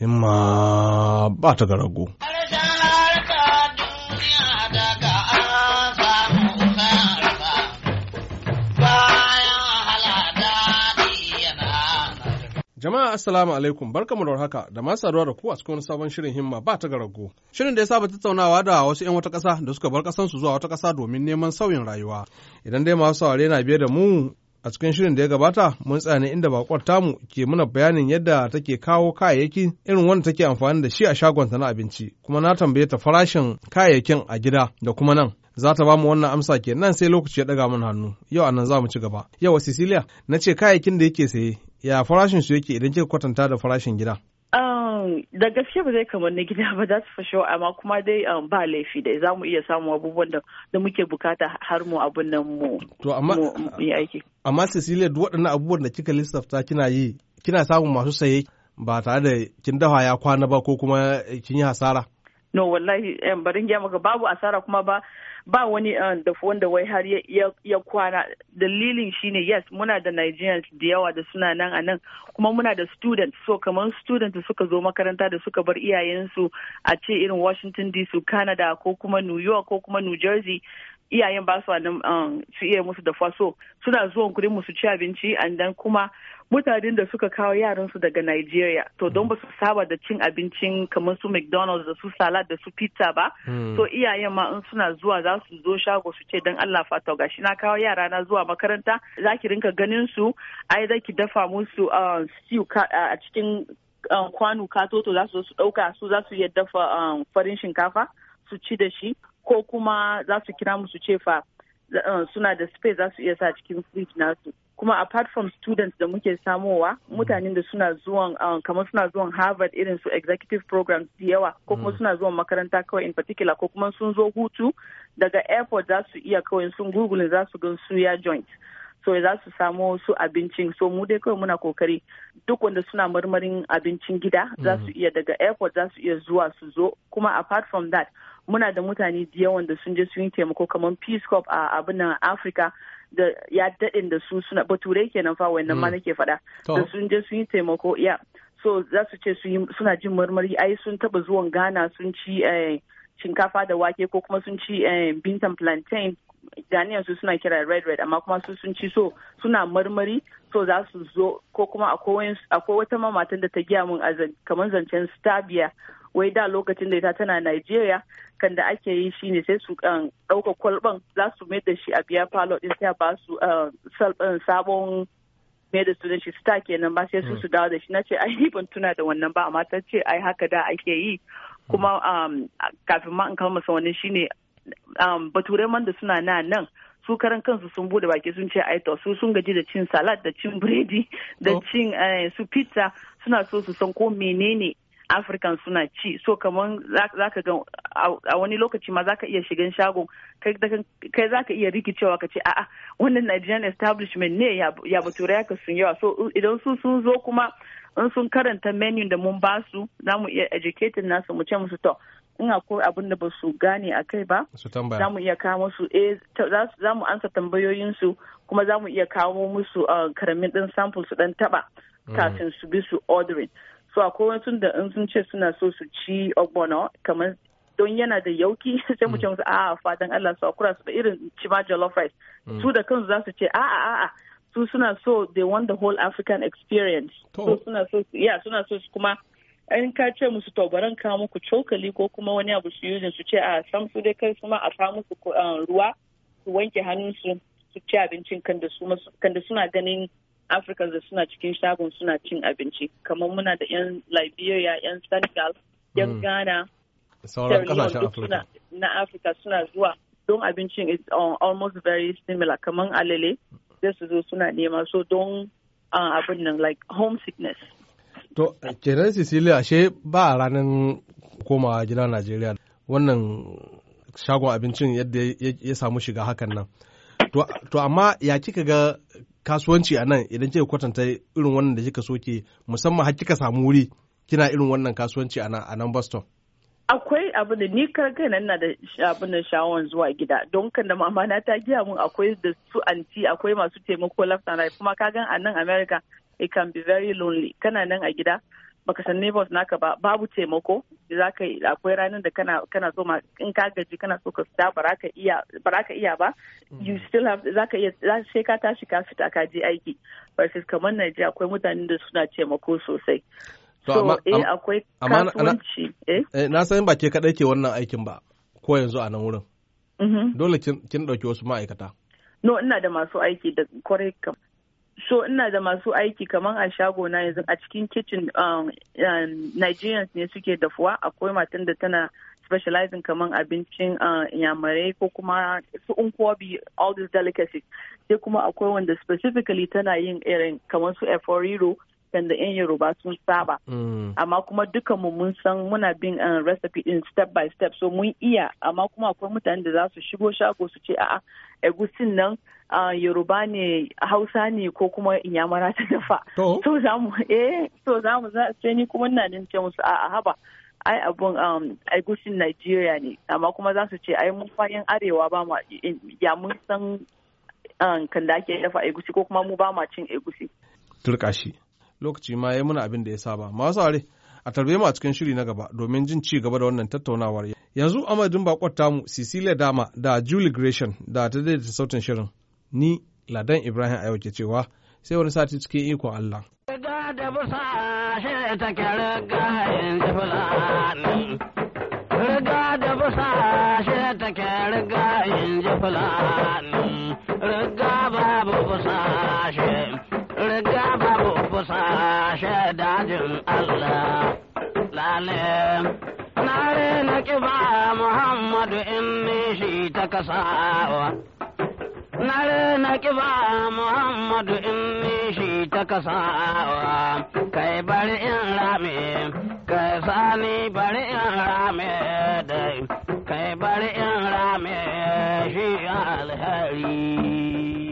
in ma ba ta ga rago. Jama'a Assalamu alaikum barkamu da warhaka da masu saduwa da ku a cikin sabon shirin himma ba ta garago. Shirin da ya saba tattaunawa da wasu 'yan wata ƙasa da suka bar ƙasansu zuwa wata ƙasa domin neman sauyin rayuwa. Idan dai masu saurare na biye da mu a cikin shirin da ya gabata mun tsani inda bakwar tamu ke muna bayanin yadda take kawo kayayyaki irin wanda take amfani da shi a shagonta na abinci kuma na tambaye ta farashin kayayyakin a gida da kuma nan za ta ba mu wannan amsa ke nan sai lokaci ya daga mana hannu yau anan za mu ci gaba yau cecilia na ce kayayyakin da yake saye ya farashin su yake idan kika kwatanta da farashin gida Um, da gaske ba zai kamar na gida ba za for sure amma kuma dai um, ba laifi dai za mu iya samun abubuwan da muke bukata har mu abun nan mu yi aiki amma Cecilia duk waɗannan abubuwan da kika lissafta kina yi kina samun masu saye ba tare da kin dafa ya kwana ba ko kuma kin yi hasara no wallahi barin gaya maka babu asara kuma ba ba wani uh, wanda wai har ya kwana dalilin shine yes muna da nigerians da yawa da suna nan a nan kuma muna da students so kamar students suka zo makaranta da suka bar iyayensu a ce irin washington dc canada ko kuma new york ko kuma new jersey iyayen ba su nan um, su iya musu dafa so suna zuwan kudin musu ci abinci and kuma mutanen da suka kawo yaran su daga Nigeria to don mm. ba su saba da cin abincin kamar su McDonald's da su salad da su pizza ba to mm. iyayen ma in suna zuwa za su zo shago su ce dan Allah fata gashi na kawo yara na zuwa makaranta zaki rinka ganin su ai zaki dafa musu um, stew a cikin um, kwano katoto za su su dauka su za su iya dafa farin shinkafa su ci da shi ko kuma za su kira musu cefa uh, suna da space za su iya sa cikin fridge nasu kuma apart from students da muke samowa mm. mutanen da suna zuwan uh, kamar suna zuwan harvard irin su executive programs da yawa ko kuma mm. suna zuwan makaranta kawai in particular ko kuma sun zo hutu daga airport za su iya kawai sun google za su gan suya joint so za su samo su abincin so mu dai kawai muna kokari duk wanda suna marmarin abincin gida za mm. su iya daga airport za su iya zuwa su zo kuma apart from that muna da mutane da yawan da sun je sun yi taimako kamar peace corps a abin nan afirka da ya daɗin da su suna bature kenan fa wannan ma mm. nake faɗa da sun je sun yi taimako ya so za su ce suna jin marmari ai sun taba zuwan ghana sun ci eh, shinkafa da wake ko kuma sun ci eh, bintan plantain ganiyan su suna kira red red amma kuma su sun ci so suna marmari so za su zo ko kuma akwai wata mamatan da ta giya mun kamar zancen stabia wai da lokacin da ita tana Najeriya kan da ake yi shine sai su um, ɗauka kwalban za su mai da shi a biya falo din sai ba su um, um, sabon mai da sunan shi star kenan ba sai su mm. su dawo da shi na ce ai ban tuna da wannan ba amma ta ce ai haka da ake yi kuma mm. kafin ma in kama masa wani shine bature man da suna na nan su karan kansu sun bude baki sun ce ai su sun gaji da cin salad da cin biredi da oh. cin eh, su pizza suna so su san ko menene afirkan suna ci so kamar za ka ga a wani lokaci ma za ka iya shigan shagon kai za ka iya rikicewa ka ce a'a wannan nigerian establishment ne ya bature ya sun yawa so idan su sun zo kuma in sun karanta menu da mun ba za mu iya educating nasu mu ce musu to in akwai abin da ba su gane a kai ba za mu iya kawo musu eh, za mu ansa tambayoyinsu kuma za mu iya kawo musu uh, karamin din sample su dan taba mm. kafin su bi su ordering so akwai wasu da in sun ce suna so su ci ogbono kamar don yana da yauki sai mu ce mm. musu a'a fadan Allah su akura su da irin cima jollof rice mm. su da kansu za su ce a'a a'a su suna so they want the whole African experience so suna so ya suna so su kuma in ka ce musu to baran ka muku cokali ko kuma wani abu su yi su ce a sam su dai kai su ma a sa musu um, ruwa su wanke hannun su su ci abincin kan da suna ganin Africans da suna cikin shagon suna cin abinci kamar muna da 'yan liberia 'yan senegal 'yan mm. ghana sauran kasashen afirka na Africa suna zuwa don abincin is uh, almost very similar kamar alele sai su zo suna nema so don uh, abin nan like homesickness to kenan Cecilia ashe ba ranar komawa gida najeriya wannan shagon abincin yadda ya samu shiga hakan nan to amma ya kika ga kasuwanci a nan idan kika kwatanta irin wannan da kika soke musamman har kika samu wuri kina irin wannan kasuwanci a nan a Boston akwai abu da ni kai nan na da abin da shawon zuwa gida don kan da mama na ta giya mun akwai da su anti akwai masu taimako left and kuma ka gan a nan America it can be very lonely kana nan a gida baka san neighbors naka ba babu taimako za ka yi akwai ranar da kana kana so ma in ka gaji kana so ka fita ba ka iya ba ka iya ba mm. you still have za ka iya sai ka tashi ka fita ka je aiki versus kamar Najeriya akwai mutanen da suna taimako sosai so eh akwai kasuwanci eh? eh na san ba ke kadai ke wannan aikin ba ko yanzu a nan wurin mm-hmm. dole kin dauki wasu ma'aikata no ina da masu aiki da kwarai kam so ina da masu aiki kamar a shago na yanzu a cikin kitchen um, um, nigerians ne suke dafuwa akwai matan da tana specializing kamar abincin uh, yamarai ko kuma su unkwobi all these delicacies sai kuma akwai wanda specifically tana yin irin kamar su eforiro system da 'yan Yoruba sun saba. Mm. Amma kuma duka mu mun san muna bin uh, recipe din step by step so mun iya amma kuma akwai mutane da za su shigo shago su ce a'a egusin nan uh, Yoruba ne Hausa ne ko kuma Inyamara ta dafa. So za mu eh so za mu sai ni kuma ina ce musu a'a haba. ai abun um, Najeriya ne amma kuma za su ce ai mun fayin arewa ba ma ya mun san um, kan da ake dafa egusi ko kuma mu ba ma cin egusi. Turkashi. lokaci ma ya yi muna abin da ya saba masu are a tarbe mu a cikin shiri na gaba domin jin ci gaba da wannan tattaunawar yanzu amadin bakon tamu cecilia dama da julie gresham da ta daidaita sautin shirin ni ladan ibrahim a yau ke cewa sai wani sati cikin ikon allah Riga da busa shi ta riga in ji fulani. ashe dajin Allah lale na na kiba Muhammadu in ni shi ta kasawa na na kiba Muhammadu in ni shi ta kasawa kai bari in rame kai sani bari in rame dai kai bari in rame shi alheri